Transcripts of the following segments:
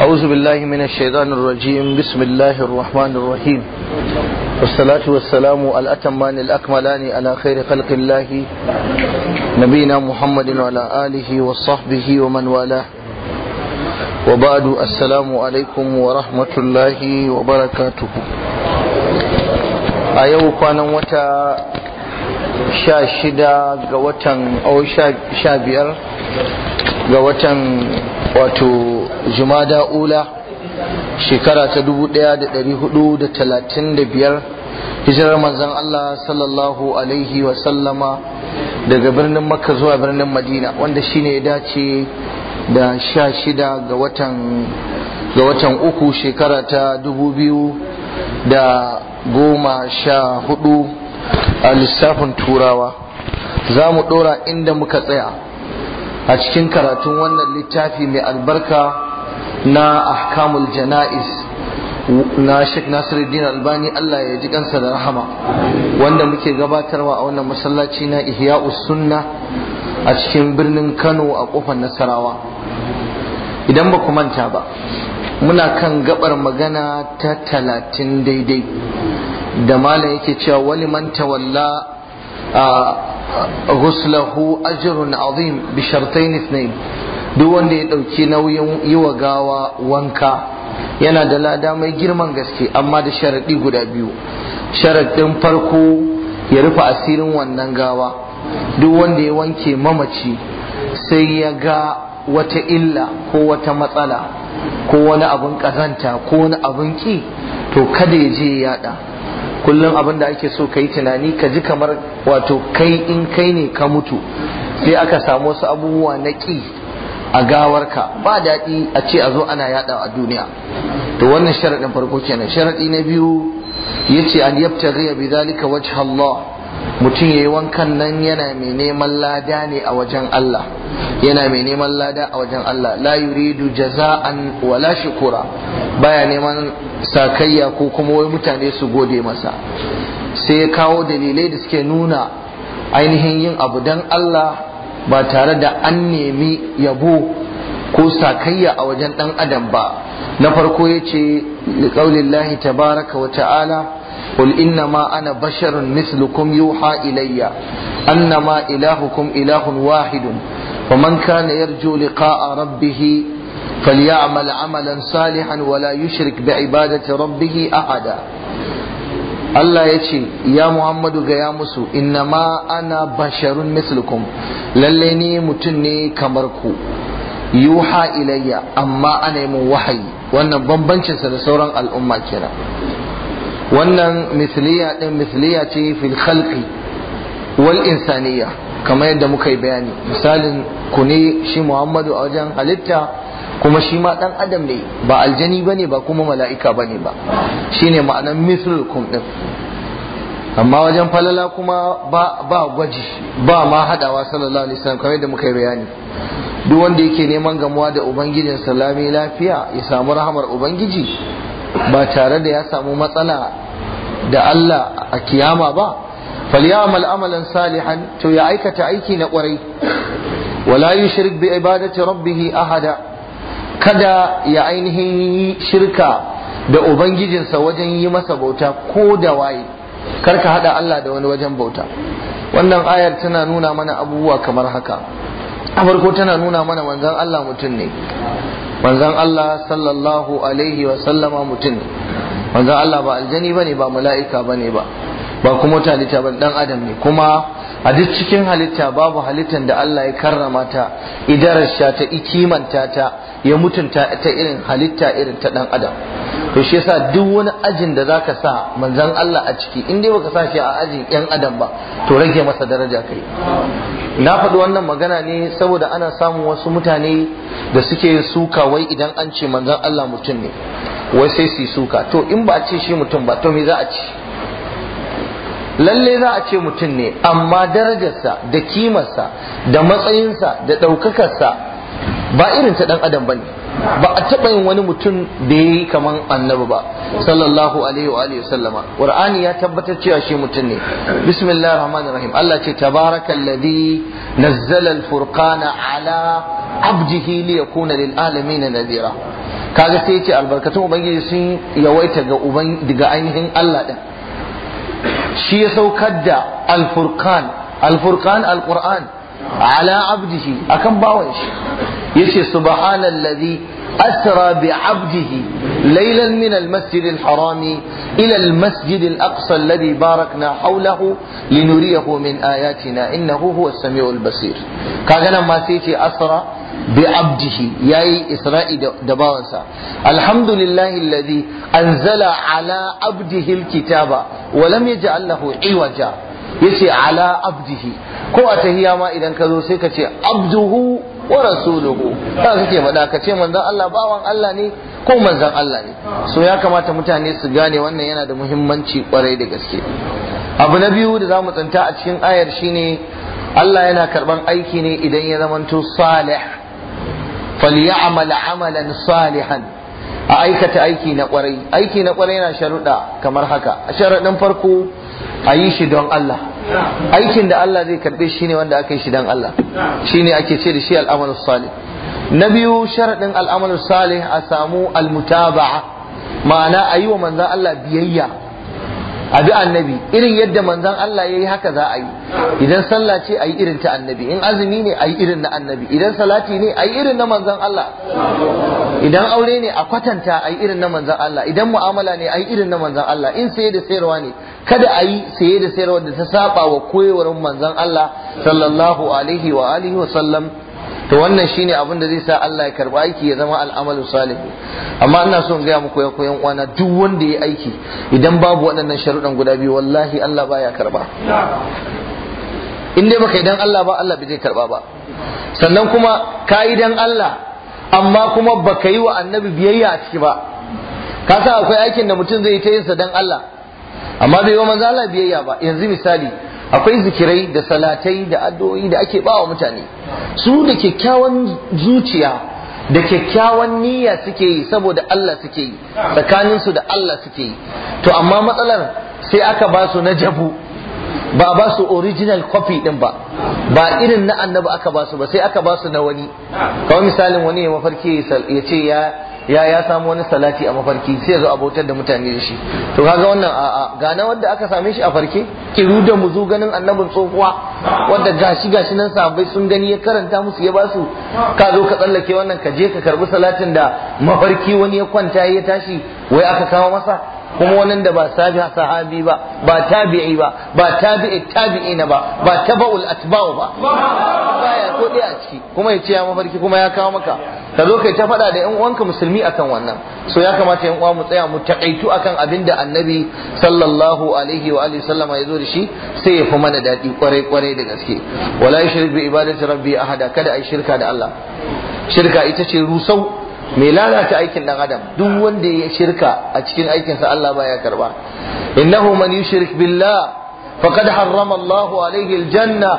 أعوذ بالله من الشيطان الرجيم بسم الله الرحمن الرحيم والصلاة والسلام الأتمان الأكملان على خير خلق الله نبينا محمد وعلى آله وصحبه ومن والاه وبعد السلام عليكم ورحمة الله وبركاته أيوه كان وتا شاشدا غوتا أو شابير غوتا واتو jumada ula shekara ta biyar, hijirar manzon Allah sallallahu alaihi wa daga birnin makka zuwa birnin madina wanda shine ya dace da sha ga watan ga watan uku shekara ta dubu biyu da goma sha hudu a lissafin turawa za mu dora inda muka tsaya a cikin karatun wannan littafi mai albarka na ahkamul jana'iz na Sheikh Nasiruddin Albani Allah ya ji kansa da rahama wanda muke gabatarwa a wannan masallaci na Ihya'us Sunna a cikin birnin Kano a kofar Nasarawa idan ba ku manta ba muna kan gabar magana ta talatin daidai da malam yake cewa wali man tawalla غسله أجر عظيم بشرطين اثنين duk wanda ya ɗauki nauyin yiwa gawa wanka yana da lada mai girman gaske amma da sharaɗi guda biyu sharaɗin farko ya rufe asirin wannan gawa duk wanda ya wanke mamaci sai ya ga wata illa ko wata matsala ko wani abin ƙazanta ko wani abin ƙi to kada ya je ya yada kullum abin da ake so ka yi tunani ka ji kamar wato kai in kai ne ka mutu sai aka samu wasu abubuwa na ƙi a gawarka ba daɗi a ce a zo ana yaɗa a duniya to wannan sharaɗin farko kenan sharaɗi na biyu yace an yabtaghi bi zalika wajh Allah mutum ya yi wankan nan yana mai neman lada ne a wajen Allah yana mai neman lada a wajen Allah la yuridu jaza'an wala shukura baya neman sakayya ko kuma wai mutane su gode masa sai ya kawo dalilai da suke nuna ainihin yin abu don Allah ba tare da an nemi yabo ko sakayya a wajen ɗan adam ba na farko ya ce liƙaulillahi tabaraka wa ta'ala قل إنما أنا بشر مثلكم يوحى إلي أنما إلهكم إله واحد ومن كان يرجو لقاء ربه فليعمل عملا صالحا ولا يشرك بعبادة ربه أحدا Allah ya ce, Ya Muhammadu gaya musu, ma ana basharun mislukum, lalle ni mutum ne kamar ku, yuha ilayya, amma ana yi mun wahayi, wannan bambancinsa da sauran al'umma kenan. wannan misliya din misliya ce fil khalqi wal insaniya kamar yadda muka yi bayani misalin ku ne shi muhammadu a wajen halitta kuma shi ma dan adam ne ba aljani bane ba kuma mala'ika bane ba shine ma'anar mislukum din amma wajen falala kuma ba gwaji ba ma hadawa sallallahu alaihi wasallam kamar yadda muka yi bayani duk wanda yake neman gamuwa da ubangijin salami lafiya ya samu rahamar ubangiji ba tare da ya samu matsala da Allah a kiyama ba falyamal amalan salihan to ya aikata aiki na kwarai wala yushrik bi ibadati rabbih ahada kada ya ainihin yi shirka da ubangijinsa wajen yi masa bauta ko da waye karka hada Allah da wani wajen bauta wannan ayar tana nuna mana abubuwa kamar haka a farko tana nuna mana manzon Allah mutum ne manzon Allah sallallahu alaihi wa sallama mutum manzon Allah ba aljani bane ba mala'ika bane ba ba kuma talita ban dan adam ne kuma a duk cikin halitta babu halittan da Allah ya karrama ta idarasha ta ikimanta ta ya mutunta ta irin halitta irin ta dan adam to shi yasa duk wani ajin da zaka sa manzon Allah a ciki in dai baka sa shi a ajin yan adam ba to rage masa daraja kai na faɗi wannan magana ne saboda ana samun wasu mutane da suke suka wai idan an ce manzon Allah mutum ne wai sai su suka to in ba a ce shi mutum ba to me za a ce lalle za a ce mutum ne amma darajarsa da kimarsa da matsayinsa da ɗaukakarsa ba irin ta dan adam bane ba a taba yin wani mutum da ya kaman annabi ba sallallahu alaihi wa alihi sallama qur'ani ya tabbatar cewa shi mutum ne bismillahir rahmanir rahim Allah ce tabarakalladhi nazzala al-furqana ala abdihi liyakuna yakuna lil alamin nadira kaga sai yace ce albarkatun ubangiji sun yawaita ga uban daga ainihin Allah din shi ya saukar da al-furqan al-furqan al-qur'an ala abdihi akan bawan shi yace subhanallazi asra bi abdihi laylan min almasjid alharami ila almasjid alaqsa alladhi barakna haulahu linuriyahu min ayatina innahu huwa as-sami'ul basir kaga nan ma yace asra bi abdihi yayi isra'i da bawansa alhamdulillahi alladhi anzala ala abdihi kitaba wa lam yaj'al lahu iwaja yace ala abdihi ko a tahiya ma idan ka zo sai ka abduhu wa rasuluhu da kake faɗa ka ce manzon Allah bawan Allah ne ko manzon Allah ne so ya kamata mutane su gane wannan yana da muhimmanci kwarai da gaske abu na biyu da zamu tsanta a cikin ayar shine Allah yana karban aiki ne idan ya zamanto salih falyamal amalan salihan a aikata aiki na kwarai aiki na kwarai yana sharuɗa kamar haka a sharaɗin farko a yi shi don Allah aikin da Allah zai karbe shi ne wanda aka yi shi dan Allah shi ne ake ce da shi al'amalu salih na biyu sharaɗin al'amalu salih a samu almutaba'a ma'ana a yi wa manzan Allah biyayya a bi annabi irin yadda manzan Allah ya yi haka za a yi idan sallah ce a yi irin ta annabi in azumi ne a yi irin na annabi idan salati ne a yi irin na manzan Allah idan aure ne a kwatanta a yi irin na manzan Allah idan mu'amala ne a yi irin na manzan Allah in saye da sayarwa ne kada a yi saye da sayarwa da ta saba wa koyarwar manzon Allah sallallahu alaihi wa alihi wa sallam to wannan shine abin da zai sa Allah ya karba aiki ya zama al'amalu salih amma ina so in ga muku yan koyan kwana duk wanda ya aiki idan babu waɗannan sharuɗan guda biyu wallahi Allah baya karba in dai baka idan Allah ba Allah bai zai karba ba sannan kuma ka yi dan Allah amma kuma baka yi wa annabi biyayya a ciki ba ka san akwai aikin da mutum zai yi ta yinsa dan Allah amma bai yi manzo Allah biyayya ba yanzu misali akwai zikirai da salatai da addu'o'i da ake bawa mutane su da kyakkyawan zuciya da kyakkyawan niyya suke yi saboda Allah suke yi tsakanin su da Allah suke yi to amma matsalar sai aka ba su na jabu ba ba su original copy din ba ba irin na annabi aka ba su ba sai aka ba su na wani kawai misalin wani ya mafarki ya ce ya ya ya samu wani salati a mafarki sai ya zo abautar da mutane da shi to kaga wannan a'a gana wanda aka same shi a farke kiru da muzu ganin annabin tsohuwa wanda gashi gashi nan sahabbai sun gani ya karanta musu ya basu ka zo ka tsallake wannan ka je ka karbi salatin da mafarki wani ya kwanta ya tashi wai aka kawo masa kuma wannan da ba sabi sahabi ba ba tabi'i ba ba tabi'i na ba ba tabaul atba'u ba baya ko dai a ciki kuma ya ce ya mafarki kuma ya kawo maka ka zo kai ta faɗa da ƴan uwanka musulmi akan wannan so ya kamata yan uwa mu tsaya mu taƙaitu akan abin da annabi sallallahu alaihi wa alihi sallama ya zo da shi sai ya fi mana daɗi kwarai kwarai da gaske wala yushrik bi ibadati rabbi ahada kada ai shirka da Allah shirka ita ce rusau mai lalata aikin dan adam duk wanda ya shirka a cikin aikinsa Allah baya karba innahu man yushrik billah faqad harrama Allahu alaihi aljanna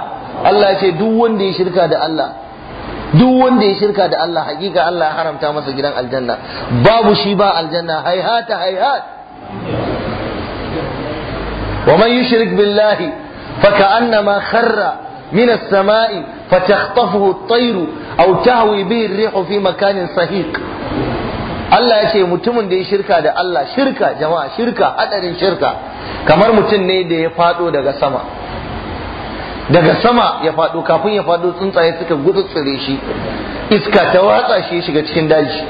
Allah ya ce duk wanda ya shirka da Allah duk wanda ya shirka da Allah hakika Allah ya haramta masa gidan aljanna babu shi ba aljanna hayhata hayhat wa man yushrik billahi fa ka'annama kharra min as-sama'i فتخطفه الطير aw tahwi bihi rihu fi makanin sahiq Allah ya ce mutumin da ya shirka da Allah shirka jama'a shirka hadarin shirka kamar mutum ne da ya fado daga sama daga sama ya fado kafin ya fado tsuntsaye suka gutsutsure shi iska ta watsa shi ya shiga cikin daji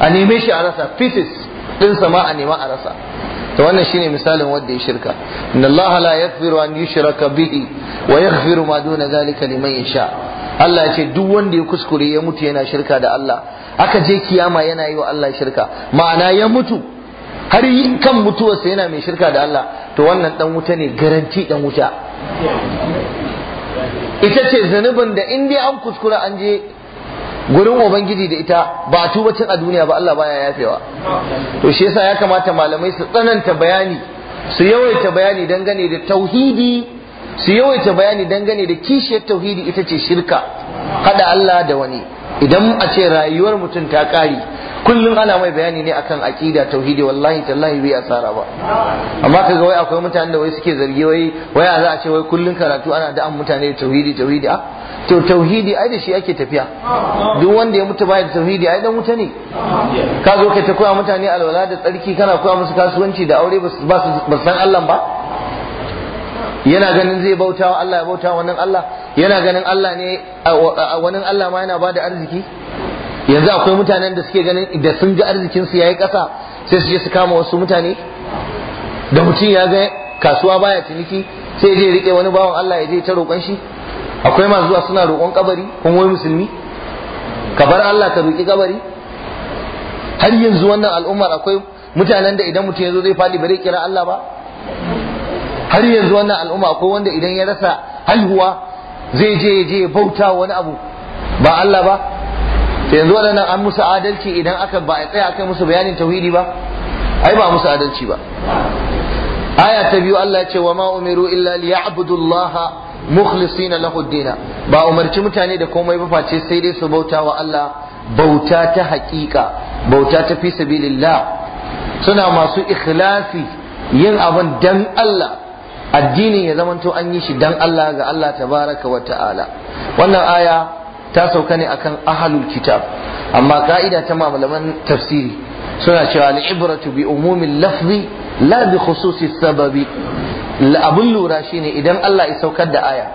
a neme shi a rasa fitis din sama a nema a rasa to wannan shine misalin wanda ya shirka inna Allah la yaghfiru an yushraka bihi wa yaghfiru ma duna zalika liman yasha Allah ya ce duk wanda ya kuskure ya mutu yana shirka da Allah aka je kiyama yana yi wa Allah shirka ma'ana ya mutu har kan mutuwarsa yana mai shirka da Allah to wannan dan wuta ne garanti dan wuta ita ce zanubin da in dai an kuskura an je gurin ubangiji da ita ba a tuba a duniya ba Allah baya yafewa to shi yasa ya kamata malamai su tsananta bayani su yawaita bayani dangane da tauhidi su yawaita bayani dangane da kishiyar tauhidi ita ce shirka hada Allah da wani idan a ce rayuwar mutum ta kare kullum ana mai bayani ne akan aqida tauhidi wallahi tallahi bai asara ba amma kaga wai akwai mutanen da wai suke zargi wai wai za a ce wai kullum karatu ana da'an mutane tauhidi tauhidi a ah. to tauhidi ai da shi ake tafiya duk wanda ya mutu baya da tauhidi ai dan wuta ne ka zo kai ta koya mutane alwala da tsarki kana koya musu kasuwanci da aure ba su san Allah ba yana ganin zai bauta wa Allah ya bauta wannan Allah yana ganin Allah ne wannan Allah ma yana bada arziki yanzu akwai mutanen da suke ganin da sun ga arzikin su yayi ƙasa sai su je su kama wasu mutane da mutum ya ga kasuwa baya ciniki sai je rike wani bawan Allah ya je ta roƙon shi akwai masu zuwa suna roƙon kabari kun wai musulmi ka bar Allah ka roƙi kabari har yanzu wannan al'ummar akwai mutanen da idan mutum ya zo zai faɗi bare kira Allah ba har yanzu wannan al'umma akwai wanda idan ya rasa haihuwa zai je ya je bauta wani abu ba Allah ba yanzu waɗannan an musu adalci idan aka ba a tsaya aka musu bayanin tauhidi ba ai ba musu adalci ba aya ta biyu Allah ya ce wa ma umiru illa liya'budullaha mukhlisina lahu dina ba umarci mutane da komai ba face sai dai su bauta wa Allah bauta ta hakika bauta ta fi sabilillah suna masu ikhlasi yin abin dan Allah Addini ya zamanto an yi shi dan Allah ga Allah tabaraka wa ta'ala wannan aya ta sauka ne akan ahlul kitab amma ka'ida ta malaman tafsiri suna cewa al'ibratu bi umumin lafzi la bi khususi sababi abun lura shine idan Allah ya saukar da aya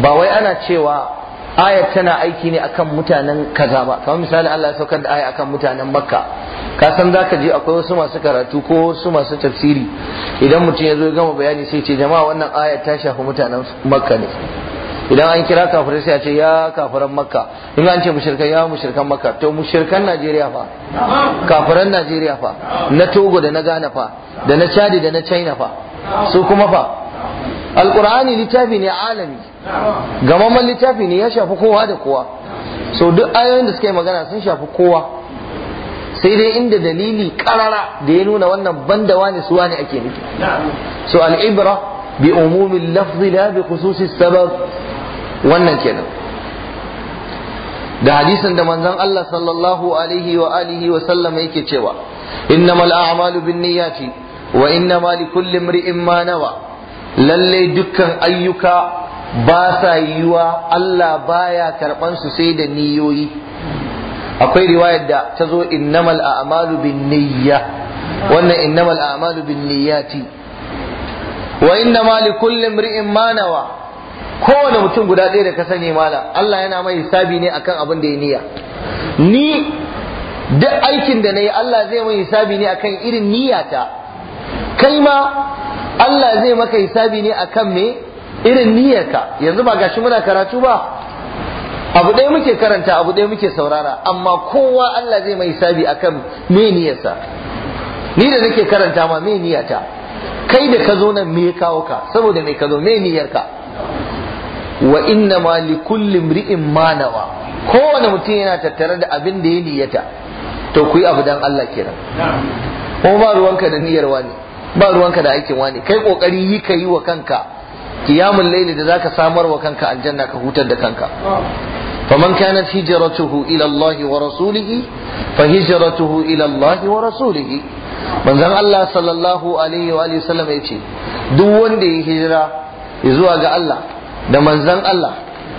ba wai ana cewa aya tana aiki ne akan mutanen kaza ba kamar misali Allah ya saukar da aya akan mutanen Makka ka san za ka je akwai wasu masu karatu ko wasu masu tafsiri idan mutum ya zo gama bayani sai ce jama'a wannan aya ta shafi mutanen makka ne idan an kira kafirai sai a ce ya kafiran makka in an ce mushirkan ya mushirkan makka to mushirkan najeriya fa kafiran najeriya fa na togo da na ghana fa da na chadi da na china fa su kuma fa alqur'ani littafi ne alami gamamman littafi ne ya shafi kowa da kowa so duk ayoyin da suka yi magana sun shafi kowa sai dai inda dalili karara da ya nuna wannan banda wani su wani ake nufi so al'ibra bi umumin lafzi la bi khususi sabab wannan kenan da hadisin da manzon Allah sallallahu alaihi wa alihi wa sallama yake cewa innamal a'malu binniyati wa innama likulli imri'in ma nawa lalle dukkan ayyuka ba sa yiwa Allah baya karban su sai da niyoyi akwai riwayar da ta zo innamal a'malu bin niyya wannan innamal a'malu bin niyyati wa innama li kulli imri'in ma nawa kowane mutum guda ɗaya da ka sani mala Allah yana mai hisabi ne akan abin da ya niyya ni duk aikin da nayi Allah zai mai hisabi ne akan irin niyyata kai ma Allah zai maka hisabi ne akan me irin niyyarka yanzu ba gashi muna karatu ba abu ɗaya muke karanta abu ɗaya muke saurara amma kowa Allah zai mai sabi akan me niyyarsa ni da nake karanta ma me kai da ka zo nan me kawo ka saboda me ka zo me niyyarka. wa inna ma li kulli imri'in ma kowane mutum yana tattare da abin da ya niyata to ku yi abu dan Allah kenan ko ba ruwanka da niyyar wani ba ruwanka da aikin wani kai kokari yi ka yi wa kanka qiyamul Laili da zaka samar wa kanka aljanna ka hutar da kanka faman kanat hijratuhu ila Allah wa rasulih fa hijratuhu ila Allah wa rasulih manzon Allah sallallahu alaihi wa alihi sallam yace duk wanda ya hijira zuwa ga Allah da manzon Allah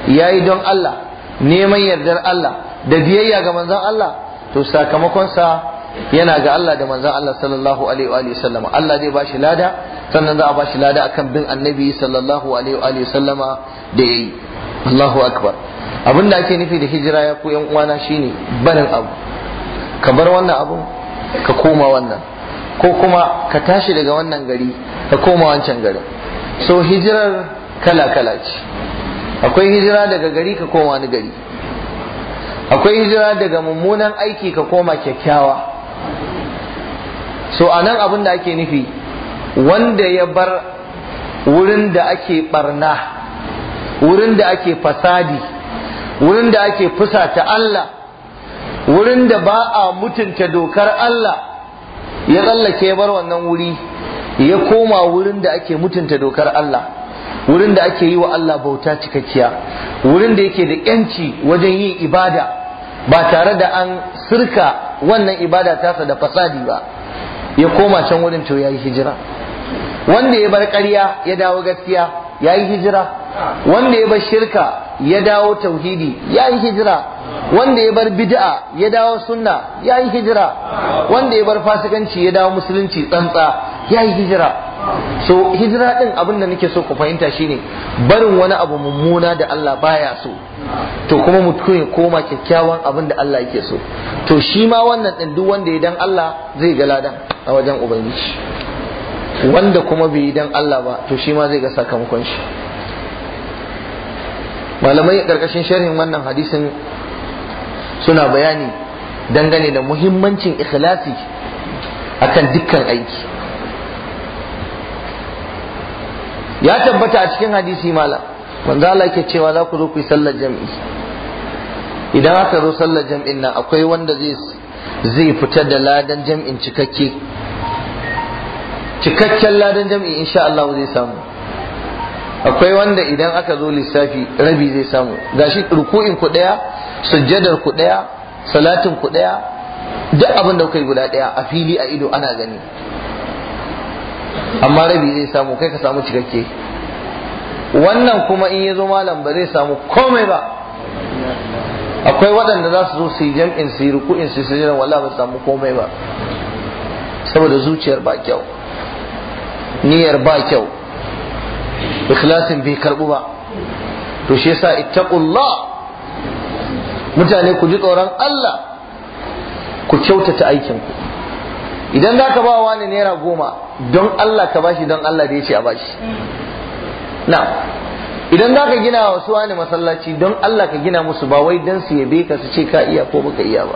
yayi don Allah neman yardar Allah da biyayya ga manzon Allah to sakamakonsa yana ga Allah da manzon Allah sallallahu alaihi wa sallama Allah zai bashi lada sannan za a bashi lada akan bin annabi sallallahu alaihi wa sallama da yayi Allahu akbar abin da ake nufi da hijira ya ku yan uwana shine barin abu ka bar wannan abu ka koma wannan ko kuma ka tashi daga wannan gari ka koma wancan gari. so hijirar kala kala ce akwai hijira daga gari ka koma wani gari akwai hijira daga mummunan aiki ka koma kyakkyawa so anan abin da ake nufi wanda ya bar wurin da ake barna wurin da ake fasadi wurin da ake fusata Allah wurin da ba a mutunta dokar Allah ya tsallake bar wannan wuri ya koma wurin da ake mutunta dokar Allah wurin da ake yi wa Allah bauta cikakkiya wurin da yake da yanci wajen yin ibada ba tare da an sirka wannan ibada tasa da fasadi ba ya koma can wurin to yi hijira wanda ya bar ƙarya ya dawo gaskiya ya yi hijira wanda ya bar shirka ya dawo tauhidi ya yi hijira wanda ya bar bid'a ya dawo sunna ya yi hijira wanda ya bar fasikanci ya dawo musulunci tsantsa ya yi hijira so hijira din abin da nake so ku fahimta shine barin wani abu mummuna da Allah baya so to kuma mutum ya koma kyakkyawan abin da Allah yake so to shi ma wannan din duk wanda ya dan Allah zai ga ladan a wajen ubangiji wanda kuma bai dan Allah ba to shi ma zai ga sakamakon shi malamai karkashin sharhin wannan hadisin suna bayani dangane da muhimmancin ikhlasi akan dukkan aiki ya tabbata a cikin hadisi mala manzo Allah yake cewa za ku zo ku yi sallar jam'i idan aka zo sallar jam'in nan akwai wanda zai zai fita da ladan jam'in cikakke cikakken ladan jam'i insha Allah zai samu akwai wanda idan aka zo lissafi rabi zai samu gashi ruku'in ku daya sujjadar ku daya salatin ku daya duk abin da kuka yi guda daya a fili a ido ana gani amma rabi zai samu kai ka samu cikakke wannan kuma in ya zo malam ba zai samu komai ba akwai waɗanda za su zo su yi jam'in su yi ruku'in su yi wala ba samu komai ba saboda zuciyar ba kyau niyyar ba kyau ikhlasin bai karbu ba to shi yasa ittaqullah mutane ku ji tsoron Allah ku kyautata aikin ku idan za ka ba wa naira goma don Allah ka bashi don Allah da ya ce a bashi na idan za ka gina wasu wani masallaci don Allah ka gina musu ba wai don su yabe ka su ce ka iya ko baka iya ba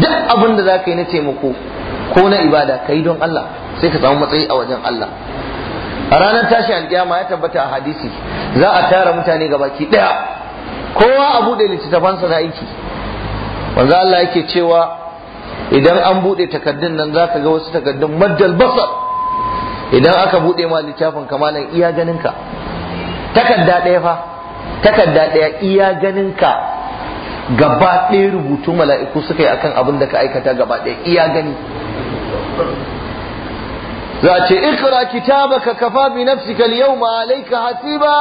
duk abin da za ka yi na taimako ko na ibada ka yi don Allah sai ka samu matsayi a wajen Allah a ranar tashi alƙiyama ya tabbata a hadisi za a tara mutane gabaki ɗaya kowa a buɗe littattafansa na aiki wanzu Allah yake cewa idan an buɗe takardun nan za ka ga wasu takardun maddal basar idan aka buɗe ma littafin kamalan iya ganinka takarda ɗaya fa takarda ɗaya iya ganinka gaba ɗaya rubutu mala'iku suka yi akan abin da ka aikata gaba ɗaya iya gani za ce ikra kitabaka kafa bi nafsika al-yawma alayka hasiba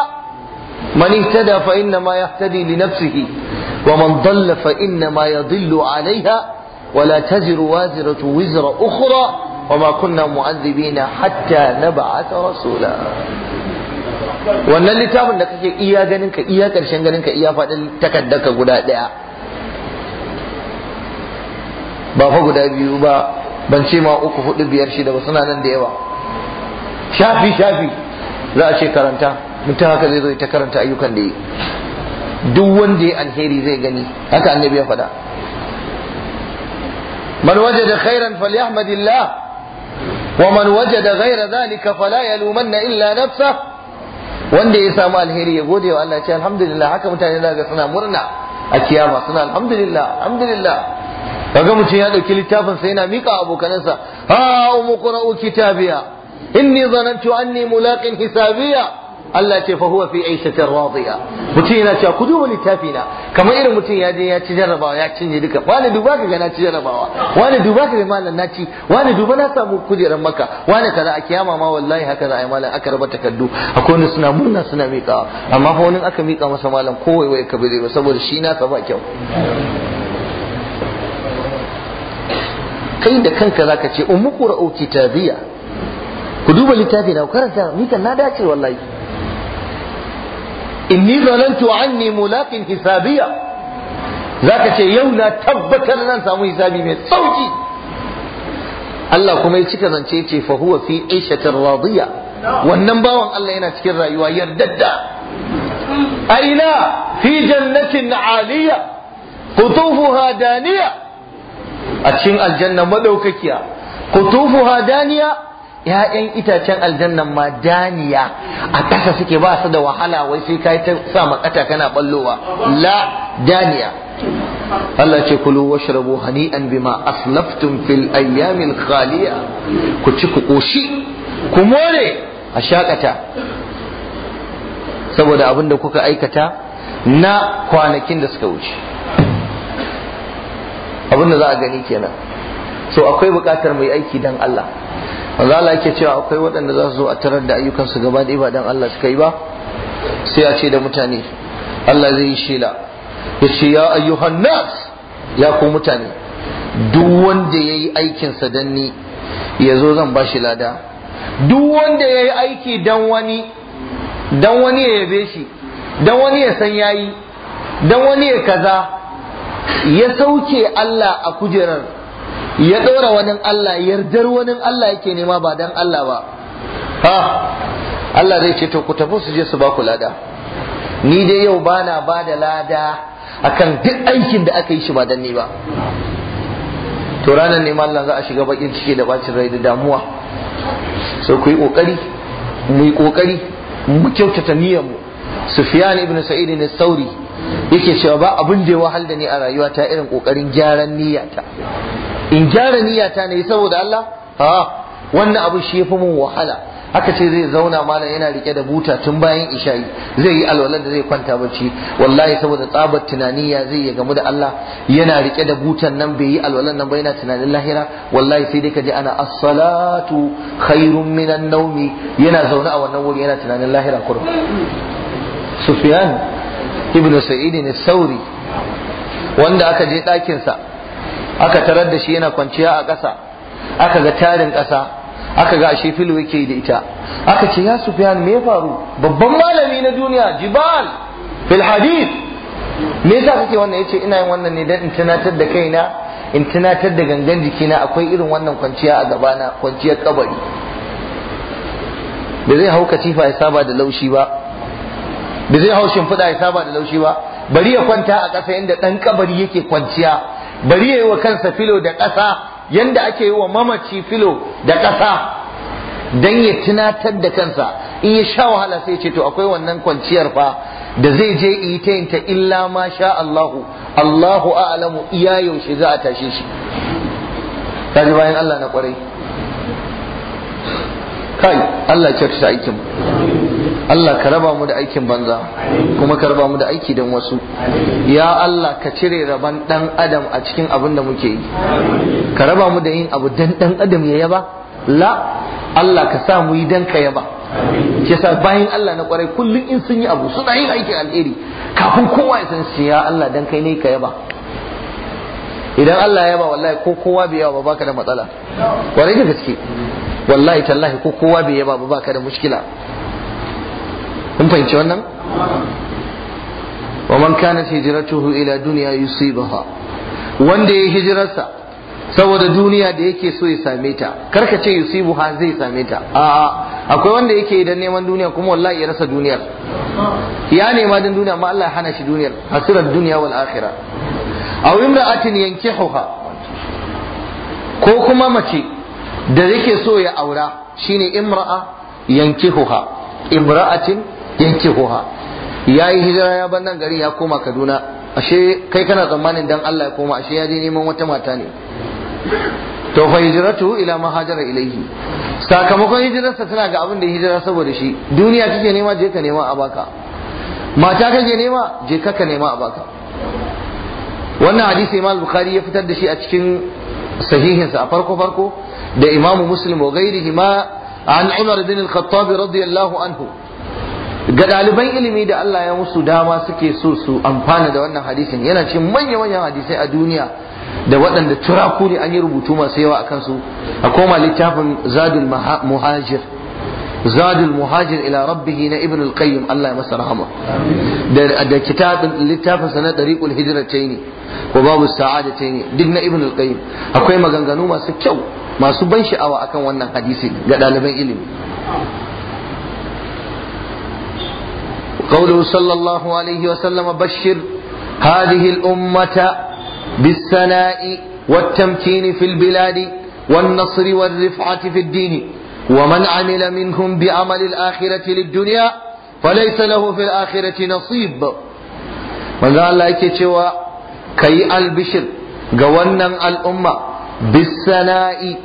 man ihtada fa inna ma yahtadi li nafsihi wa man dalla fa inna ma yadhillu alayha ولا تزر وازرة وزر أخرى وما كنا معذبين حتى نبعث رسولا wannan littafin da kake iya ganin ka iya ƙarshen ganin ka iya faɗin takaddaka guda ɗaya ba fa guda biyu ba ban ce ma uku hudu biyar shida ba suna nan da yawa shafi shafi za a ce karanta mutum haka zai zo ta karanta ayyukan da yi duk wanda ya alheri zai gani haka annabi ya faɗa من وجد خيرا فليحمد الله ومن وجد غير ذلك فلا يلومن إلا نفسه wanda ya samu alheri ya gode wa Allah ce alhamdulillah haka mutane za ga suna murna a kiyama suna alhamdulillah alhamdulillah kaga mutum ya dauki littafin sa yana mika abokanansa ha umqra'u kitabiya inni zanantu anni mulaqin hisabiya Allah ce fa huwa fi aishatin radiya mutum yana cewa ku duba littafi na kamar irin mutum ya je ya ci jarrabawa ya cinye duka wani duba ka ga na ci jarrabawa? wani duba ka ga malam na ci wani duba na samu kujeran maka wani kaza a kiyama ma wallahi haka za a yi malam aka raba takardu akwai wani suna murna suna miƙa. amma fa wani aka miƙa masa malam kowai wai ka bai saboda shi na ba kyau kai da kanka zaka ce ummu qura'u kitabiyya ku duba littafi na ku karanta mika na dace wallahi inni zanantu anni mulaqin hisabiya zaka ce yau na tabbatar nan samu hisabi mai sauki Allah kuma ya cika zance ya ce fa huwa fi aishatin radiya wannan bawan Allah yana cikin rayuwa yardadda aina fi jannatin aliya qutufuha daniya a cikin aljanna madaukakiya qutufuha daniya ‘ya'yan itacen aljannan ma daniya a ƙasa suke ba su da wahala wai sai kai ta sa makata kana ɓallowa la daniya Allah ce kulu washrabu hani'an bima aslaftum fil ayyamil khaliya ku ci ku koshi ku more a shakata saboda abin da kuka aikata na kwanakin da suka wuce abin da za a gani kenan so akwai buƙatar mai aiki dan Allah manzo Allah yake cewa akwai waɗanda za su zo a tarar da ayyukansu gaba da ibadan Allah suka yi ba sai a ce da mutane Allah zai yi shela ya ce ya ayyuhan nas ya ku mutane duk wanda ya yi sa dan ni ya zo zan ba shi lada duk wanda ya yi aiki dan wani dan wani ya yabe shi dan wani ya san yayi dan wani ya kaza ya sauke Allah a kujerar ya ɗora wani Allah yardar wani Allah yake nema ba dan Allah ba ha Allah zai ce to ku tafi su je su ba ku lada ni dai yau bana ba da lada akan duk aikin da aka yi shi ba dan ni ba to ranar ne Allah za a shiga bakin ciki da bacin rai da damuwa sai ku yi kokari mu yi kokari mu kyautata niyyar mu Sufyan ibn Sa'id ne Sauri yake cewa ba abin da ya wahal da ni a rayuwa ta irin kokarin gyaran niyyata in gyara niyyata ne saboda Allah ha wannan abu shi yafi mun wahala Haka ce zai zauna malam yana rike da buta tun bayan isha'i zai yi alwalar da zai kwanta bacci wallahi saboda tsabar tunani ya zai ya gamu da Allah yana rike da butan nan bai yi alwalan nan ba yana tunanin lahira wallahi sai dai ka ji ana as-salatu khairun minan nawmi yana zauna a wannan wuri yana tunanin lahira kurum Sufyan ibnu sa'id ne sauri wanda aka je ɗakinsa aka tarar da shi yana kwanciya a ƙasa aka ga tarin ƙasa aka ga ashe filo yake da ita aka ce ya sufyan me ya faru babban malami na duniya jibal fil hadith me yasa kake wannan yace ina yin wannan ne dan in tunatar da kaina in tunatar da gangan jiki na, akwai irin wannan kwanciya a gabana kwanciyar kabari da zai hau katifa ya saba da laushi ba da zai hau shimfiɗa ya saba da laushi ba bari ya kwanta a ƙasa yadda ɗan kabari yake kwanciya bari ya yi wa kansa filo da ƙasa yadda ake yi wa mamaci filo da ƙasa don ya tunatar da kansa in ya sha wahala sai ce to akwai wannan kwanciyar fa da zai je yi ta yin illa ma sha Allahu Allahu a'lamu iya yaushe za a tashe shi ji bayan Allah na kwarai kai Allah ya kyautata aikin mu Allah ka raba mu da aikin banza kuma ka raba mu da aiki don wasu ya Allah ka cire raban dan adam a cikin abin da muke yi ka raba mu da yin abu dan dan adam ya yaba la Allah ka sa mu yi dan ka yaba Ke yasa bayan Allah na kwarai kullum in sun yi abu suna yin aikin alheri kafin kowa ya san ya Allah dan kai ne ka yaba idan Allah ya ba wallahi ko kowa bai yaba baka da matsala kwarai da gaske wallahi tallahi ko kowa bai yaba ba baka da mushkila kun fahimci wannan wa man kanat hijratuhu ila dunya yusibaha wanda ya hijrarsa saboda duniya da yake so ya same ta karka ce yusibuha zai same ta a'a akwai wanda yake idan neman duniya kuma wallahi ya rasa duniyar ya nema din duniya amma Allah ya hana shi duniyar hasirar duniya wal akhirah aw imra'atin yankihuha ko kuma mace da yake so ya aura shine imra'a yankihuha imra'atin ya yi hijira ya bar nan gari ya koma Kaduna ashe kai kana tsammanin dan Allah ya koma ashe ya je neman wata mata ne to fa hijratu ila ma hajara ilayhi sakamakon hijirarsa tana ga abin da hijira saboda shi duniya kike nema je ka nema a baka mata kake nema je ka ka nema a baka wannan hadisi Imam Bukhari ya fitar da shi a cikin sahihinsa a farko farko da Imam Muslim wa ghairihi ma an Umar bin Al-Khattab radiyallahu anhu ga ɗaliban ilimi da Allah ya musu dama suke so su amfana da wannan hadisin yana cikin manya-manyan hadisai a duniya da waɗanda turaku ne an yi rubutu masu yawa a kansu a koma littafin zadul muhajir zadul muhajir ila rabbihi na ibn al-qayyim Allah ya masa rahama da kitabin littafin sa na dariqul ne ko babu ne duk na ibn al-qayyim akwai maganganu masu kyau masu ban sha'awa akan wannan hadisi ga ɗaliban ilimi قوله صلى الله عليه وسلم بشر هذه الأمة بالثناء والتمكين في البلاد والنصر والرفعة في الدين ومن عمل منهم بعمل الآخرة للدنيا فليس له في الآخرة نصيب من قال الله يكتشوى كي البشر قوانا الأمة بالثناء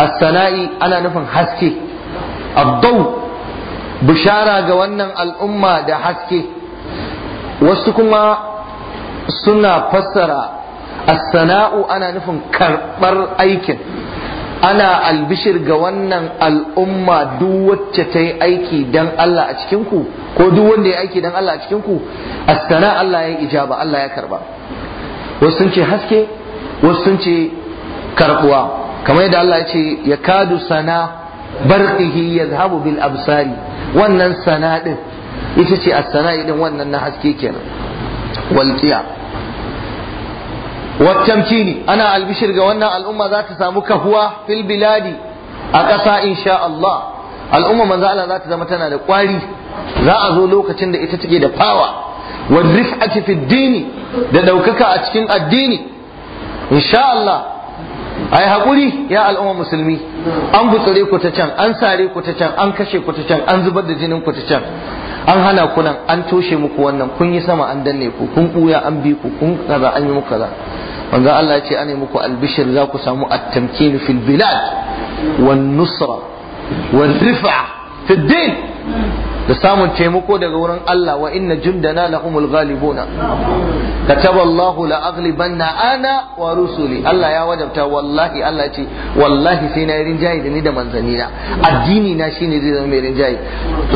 الثناء أنا نفهم حسكي الضوء bishara ga wannan al'umma da haske wasu kuma suna fassara as-sana'u ana nufin karɓar aikin ana albishir ga wannan al'umma duk wacce ta yi aiki don Allah a cikinku ko duk wanda ya aiki don Allah a cikinku as-sana Allah ya ijaba Allah ya karba wasu sun ce haske wasu sun ce karbuwa kamar yadda Allah ya ce ya kadu sana barqihi zahabu bil absari wannan sana din ita ce a sanai din wannan na haske kenan walqiya wattamkini ana albishir ga wannan al'umma za ta samu kahuwa fil biladi a ƙasa insha Allah al'umma manzo Allah za ta zama tana da ƙwari za a zo lokacin da ita take da fawa wa rif'ati fid dini da daukaka a cikin addini insha Allah ai haƙuri ya al'umma musulmi an butsare ku ta can an sare ku ta can an kashe ku ta can an zubar da jinin ku ta can an hana ku nan an toshe muku wannan kun yi sama an danne ku kun ɓuya an bi ku kun kaza an yi muku kaza manzo Allah ya ce ana muku albishir za ku samu at-tamkin fil bilad wan nusra wan rifa fiddin da samun taimako daga wurin Allah wa inna jundana lahumul ghalibuna kataba Allah la aghlibanna ana wa rusuli Allah ya wajabta wallahi Allah ce wallahi sai na rinjaye da ni da manzani na addini na shine zai zama mai rinjaye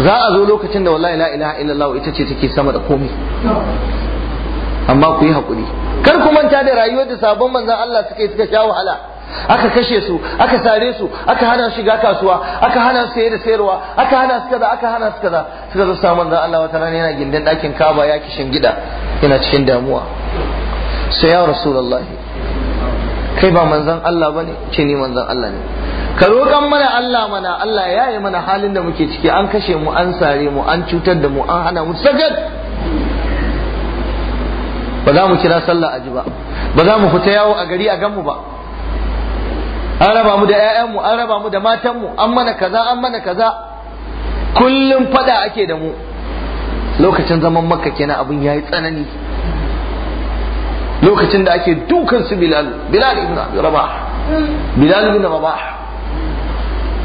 za a zo lokacin da wallahi la ilaha illallah ita ce take sama da komai amma ku yi hakuri kar ku manta da rayuwar da sabon manzon Allah suka yi suka sha wahala aka kashe su aka sare su aka hana shiga kasuwa aka hana saye da sayarwa aka hana su kaza aka hana su kaza suka zo samu da Allah wata rana yana gindin ɗakin Kaaba ya kishin gida yana cikin damuwa sai ya rasulullahi kai ba manzon Allah bane ce ni manzon Allah ne ka roƙan mana Allah mana Allah ya yi mana halin da muke ciki an kashe mu an sare mu an cutar da mu an hana mu sagad ba za mu kira sallah aji ba ba za mu fita yawo a gari a gan mu ba an raba mu da 'ya'yanmu an raba mu da matanmu an mana kaza an mana kaza kullum fada ake da mu lokacin zaman makka kenan abin yi tsanani lokacin da ake dukan su bilal bilal ibn raba bilal ibn raba.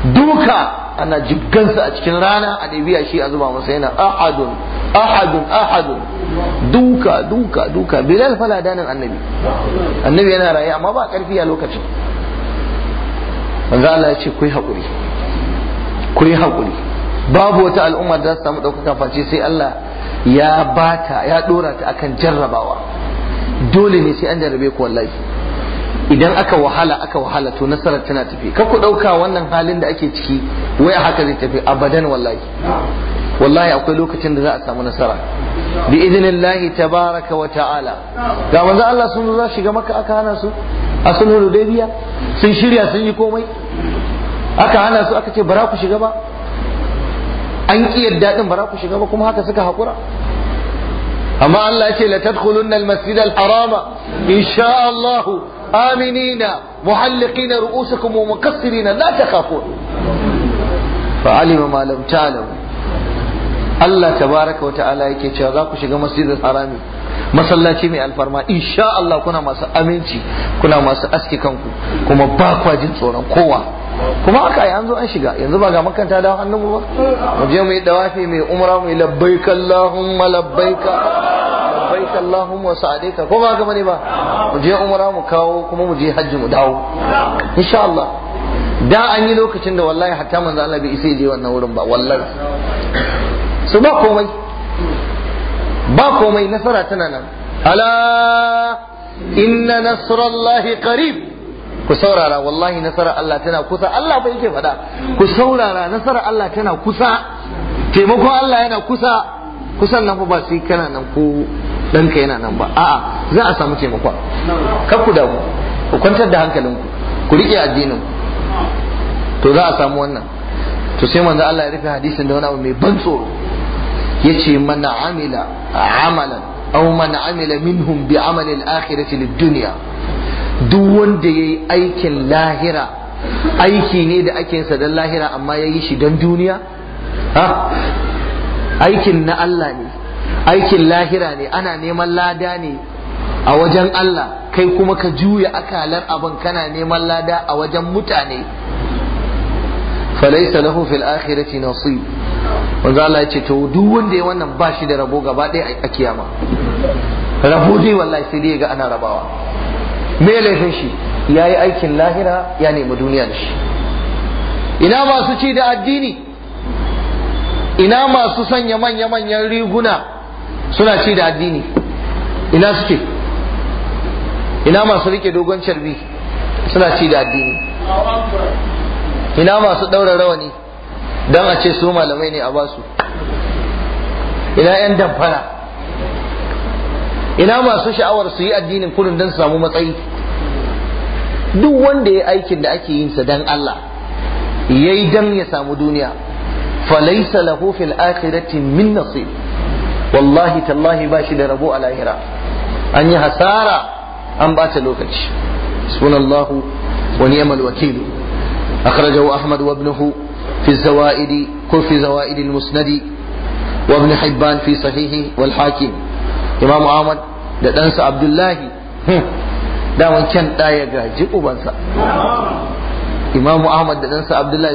duka ana jibgansa a cikin rana a ɗabi'a shi a zuba masa yana ahadun ahadun ahadun duka duka duka bilal danin annabi annabi yana raye amma ba ƙarfi a lokacin manzo Allah ya ce ku yi haƙuri ku haƙuri babu wata al'umma da za su samu ɗaukaka face sai Allah ya bata ya ɗora ta akan jarrabawa dole ne sai an jarrabe ku wallahi idan aka wahala aka wahala to nasarar tana tafi ka ku ɗauka wannan halin da ake ciki wai a haka zai tafi abadan wallahi wallahi akwai lokacin da za a samu nasara bi idinillahi tabaraka wa ta'ala ga manzo Allah sun zo za shiga maka aka hana su a sulhul hudaybiya sun shirya sun yi komai aka hana su aka ce bara ku shiga ba an ki yadda din bara ku shiga ba kuma haka suka hakura amma Allah ya ce la tadkhulunna al-masjid al-harama insha Allah aminina muhalliqina ru'usakum wa muqassirina la takhafun fa alima ma lam ta'lamu Allah tabaraka wa ta'ala yake cewa za ku shiga masjidil harami masallaci mai alfarma insha Allah kuna masu aminci kuna masu aski kanku kuma ba kwa jin tsoron kowa kuma haka yi an zo an shiga yanzu ba ga makanta da hannun ba mu je mu yi dawafi mai umra mu yi labbaika Allahumma labbaika labbaika Allahumma sa'adika ko ba gama ne ba mu je umra mu kawo kuma mu je hajji mu dawo insha Allah da an yi lokacin da wallahi hatta manzo Allah bai isa je wannan wurin ba wallahi su ba komai ba komai nasara tana nan ala inna nasrallahi qarib ku saurara wallahi nasara Allah tana kusa Allah bai yake faɗa ku saurara nasara Allah tana kusa taimakon Allah yana kusa kusan nan fa ba sai kana nan ko ka yana nan ba a'a za a samu taimakon kar ku damu ku kwantar da hankalinku ku riƙe addinin to za a samu wannan to sai manzo Allah ya rufe hadisin da wani abu mai ban tsoro yace man amila amalan aw man amila minhum bi amali al-akhirati lid-dunya duk wanda yayi aikin lahira aiki ne da ake sa dan lahira amma yayi shi don duniya ha aikin na Allah ne aikin lahira ne ana neman lada ne a wajen Allah kai kuma ka juya akalar abin kana neman lada a wajen mutane فليس له في الآخرة نصيب manzo Allah ya ce to duk wanda ya wannan ba shi da rabo gaba ɗaya a kiyama rabo dai wallahi sai dai ga ana rabawa me laifin shi yi aikin lahira ya nemi duniya da shi ina masu ci da addini ina masu sanya manya manyan riguna suna ci da addini ina suke ina masu rike dogon carbi suna ci da addini ina masu ɗaura rawani dan a ce su malamai ne a basu ina yan damfara ina masu sha'awar su yi addinin kullum dan su samu matsayi duk wanda ya aikin da ake yin sa dan Allah yayi dan ya samu duniya falaisa lahu fil akhirati min nasib wallahi tallahi ba shi da rabo a lahira an yi hasara an bata lokaci sunallahu wa ni'mal wakil akhrajahu ahmad wa ibnuhu في الزوائد كن في زوائد المسند وابن حبان في صحيحه والحاكم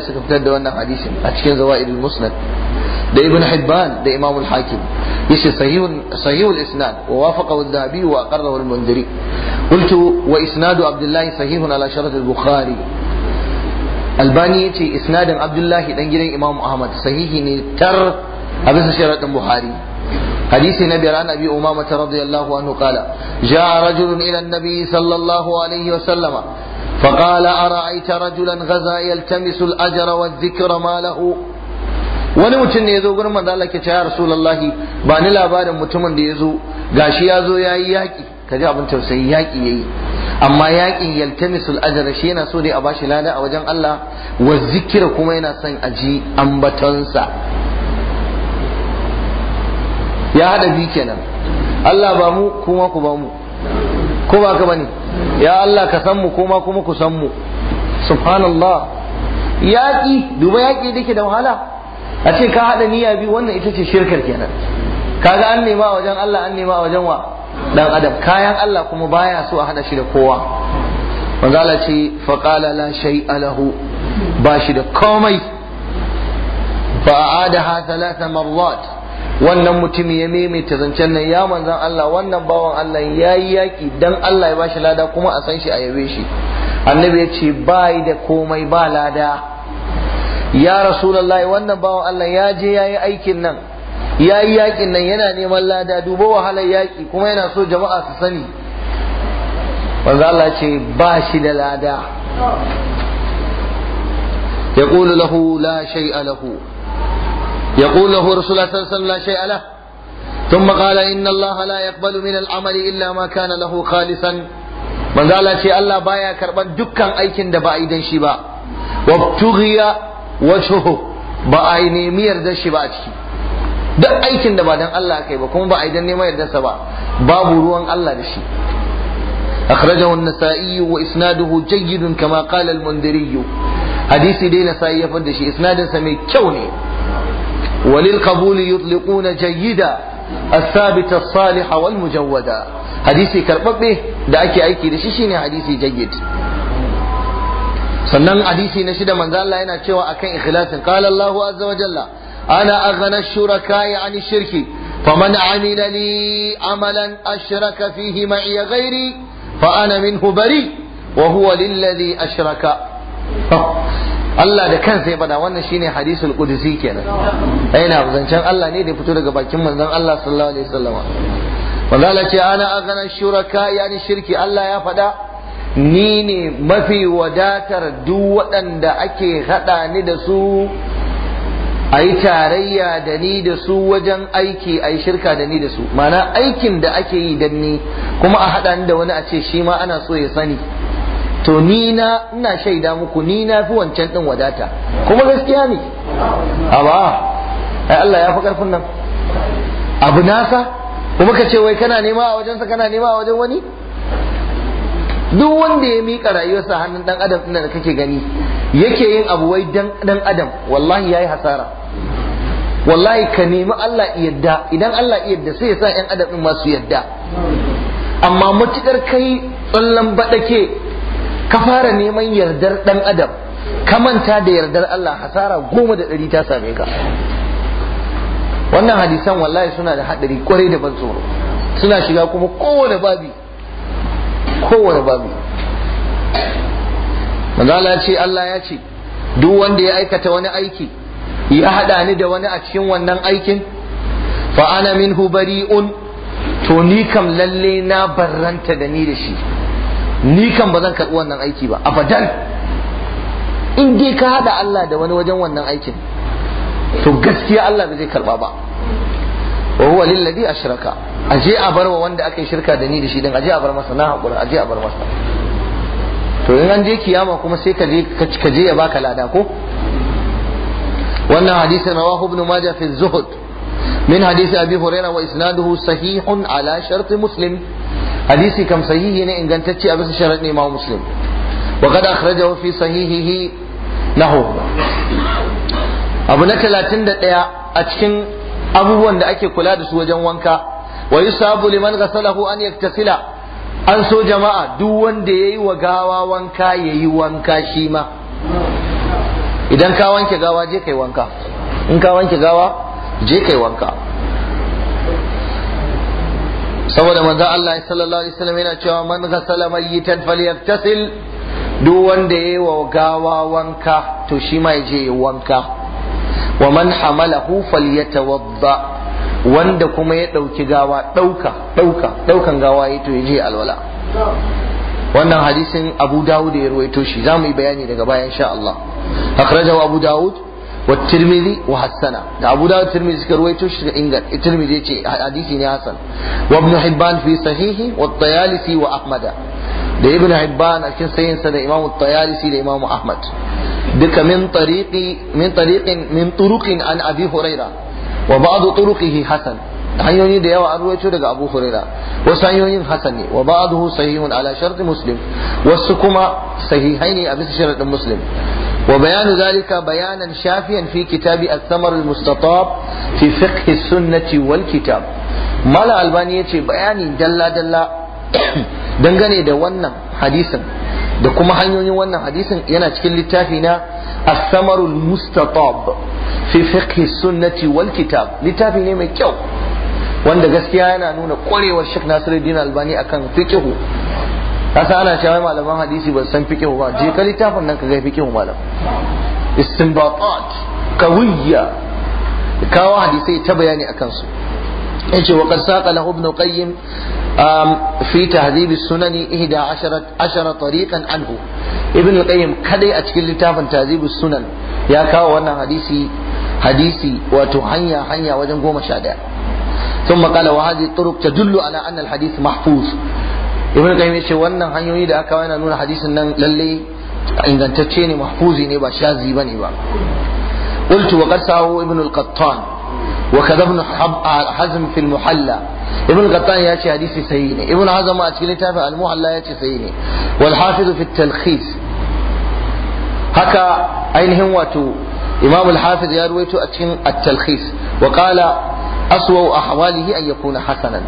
suka fitar da wannan hadisin a cikin zawa'id musnad da da Imam al-Hakim yace sahih mundiri qultu isnadu Abdullahi albani ya ce isnadin abdullahi dan gidan Imam ahmad sahihi ne tar a bisa sharaɗin buhari حديث النبي عن ابي امامه رضي الله عنه قال جاء رجل الى النبي صلى الله عليه وسلم فقال ارايت رجلا غزا يلتمس الاجر والذكر ما له wani mutum ne ya zo gurin manzo Allah ke cewa Rasulullahi ba ni labarin mutumin da ya zo gashi ya zo yayi ka ji abin tausayi yaki yayi amma yaƙin yaltamisul ajra shi yana so dai a bashi lada a wajen Allah wa zikira kuma yana son ji ambatonsa ya hada bi kenan Allah ba mu kuma ku ba mu ko ba ka bane ya Allah ka san mu kuma kuma ku san mu subhanallah yaƙi duba yaƙi dake da wahala a ce ka hada niyya bi wannan ita ce shirkar kenan kaga an nema wajen Allah an nema wajen wa dan adam kayan Allah kuma baya so a hada shi da kowa manzo Allah ce fa qala la shay'a lahu ba shi da komai fa aadaha thalatha marrat wannan mutum ya maimaita zancen nan ya manzan Allah wannan bawan Allah ya yi yaki dan Allah ya bashi lada kuma a san shi a yabe shi annabi ya ce bai da komai ba lada ya rasulullahi wannan bawan Allah ya je ya yi aikin nan ya yi yaƙin nan yana neman lada duba wahalar yaƙi kuma yana so jama'a su sani wanda Allah ce ba shi da lada ya ƙulu lahu la shai alahu ya ƙulu lahu rasulullah sallallahu la shai ala ثم قال إن الله لا يقبل من العمل إلا ما كان له خالصا من قال شيء الله بايا كربان دكان أيكن دبا أيدن شبا nemi yarda shi ba a ciki. duk aikin da ba dan Allah kai ba kuma ba a idan ma yardarsa ba babu ruwan Allah da shi akhrajahu an wa isnaduhu jayyid kama qala al-mundiri hadisi dai nasa'i ya fadda shi isnadin sa mai kyau ne walil qabul yutliquna jayyida as-sabita as-salihah wal mujawwada hadisi karbabe da ake aiki da shi shine hadisi jayyid sannan hadisi na shida manzo Allah yana cewa akan ikhlasin qala Allahu azza wa أنا أغنى الشركاء عن الشرك فمن عمل لي عملا أشرك فيه معي غيري فأنا منه بريء وهو للذي أشرك Allah da kansa ya bada wannan shine hadisul qudsi kenan yana zancen Allah ne da ya fito daga bakin manzon Allah sallallahu alaihi wasallam wanda ce ana agana shuraka yani shirki Allah ya faɗa ni ne mafi wadatar duk waɗanda ake haɗa ni da su a yi tarayya da ni da su wajen aiki a yi shirka da ni da su mana aikin da ake yi da ni kuma a haɗa ni da wani a ce shi ma ana so ya sani to ni na ina shaida muku ni na fi wancan ɗin wadata kuma gaskiya ne amma ai Allah ya fi ƙarfin nan abu nasa kuma ka ce wai kana nema a wajensa kana nema a wajen wani duk wanda ya mika rayuwarsa hannun dan adam ɗin da kake gani yake yin abu wai dan dan adam wallahi yayi hasara wallahi ka nemi Allah yadda idan Allah yadda sai ya sa yan adam ɗin masu yadda amma matukar kai tsallan baɗake ka fara neman yardar dan adam ka manta da yardar Allah hasara goma da ɗari ta same ka wannan hadisan wallahi suna da haɗari kwarai da ban tsoro suna shiga kuma kowane babi kowane babu manzala ya ce Allah ya ce duk wanda ya aikata wani aiki ya haɗa ni da wani a cikin wannan aikin fa ana minhu bari'un to ni kam lalle na barranta da ni da shi ni kam ba zan karɓi wannan aiki ba abadan in dai ka haɗa Allah da wani wajen wannan aikin to gaskiya Allah ba zai karɓa ba wa huwa lillazi ashraka aje a bar wa wanda aka yi shirka da ni da shi din aje a bar masa na hakura aje a bar masa to in an je kiyama kuma sai ka je ka je ya baka lada ko wannan hadisi rawahu ibn majah fi zuhud min hadisi abi hurairah wa isnaduhu sahihun ala shart muslim hadisi kam sahihi ne ingantacce a bisa sharadin imam muslim wa qad akhrajahu fi sahihihi nahu abu na 31 a cikin abubuwan da ake kula da su wajen wanka wa yusabu liman ghasalahu an yaktasila an so jama'a duk wanda yayi wa gawa wanka yayi wanka shi ma idan ka wanke gawa je kai wanka in ka wanke gawa je kai wanka saboda manzo Allah sallallahu alaihi wasallam yana cewa man ghasala mayyitan falyaktasil duk wanda yayi wa gawa wanka to shi ma yaje wanka wa man hamalahu falyatawadda wanda kuma ya ɗauki gawa ɗauka ɗauka ɗaukan gawa ya to ya je alwala wannan hadisin Abu Dawud ya ruwaito shi za mu yi bayani daga bayan insha Allah akhrajahu Abu Dawud wa tirmidhi wa hassana da abu da tirmidhi suka ruwaito shi daga ingat eh, tirmidhi ce hadisi ne hasan wa ibn hibban fi sahihi wa tayalisi wa ahmada da ibn hibban a cikin sahihin sa da imam tayalisi da imam ahmad duka min tariqi min tariqin min turuqin an abi hurayra wa ba'd turuqihi hasan hanyoyi da yawa an ruwaito daga abu hurayra wasu hanyoyin hasan ne wa ba'dahu sahihun ala sharti muslim wasu kuma sahihai ne a bisa sharadin muslim وبيان ذلك بيانا شافيا في كتاب الثمر المستطاب في فقه السنة والكتاب ما لا ألباني يتي بياني دلا دلا دنغني دا حديثا da kuma hanyoyin wannan hadisin yana cikin littafina, na as-samarul mustatab fi fiqh sunnati wal kitab littafi ne mai kyau wanda gaskiya yana nuna kwarewar Sheikh Nasiruddin Albani akan fiqh kasa ana cewa malaman hadisi ba san fiqh ba je ka littafin nan ka ga fiqh malam istinbatat qawiyya kawo hadisai ta bayani akan su yace wa qad saqa lahu ibn qayyim um, fi tahdhib as-sunani 11 ashara tariqan anhu ibn qayyim kadai a cikin littafin tahdhib sunan ya kawo wannan hadisi hadisi wato hanya hanya wajen goma sha daya ثم قال وهذه الطرق تدل على أن الحديث محفوظ ibn qayyim yace wannan hanyoyi da aka yana nuna hadisin nan lalle ingantacce ne mahfuzi ne ba shazi bane ba qultu wa qad ibn al-qattan wa kadha ibn hazm fi al-muhalla ibn qattan yace hadisi sahihi ne ibn hazm a cikin littafin al-muhalla yace sahihi ne wal hafiz fi al haka ainihin wato imam ya ruwaito a cikin at aswa ahwalihi an yakuna hasanan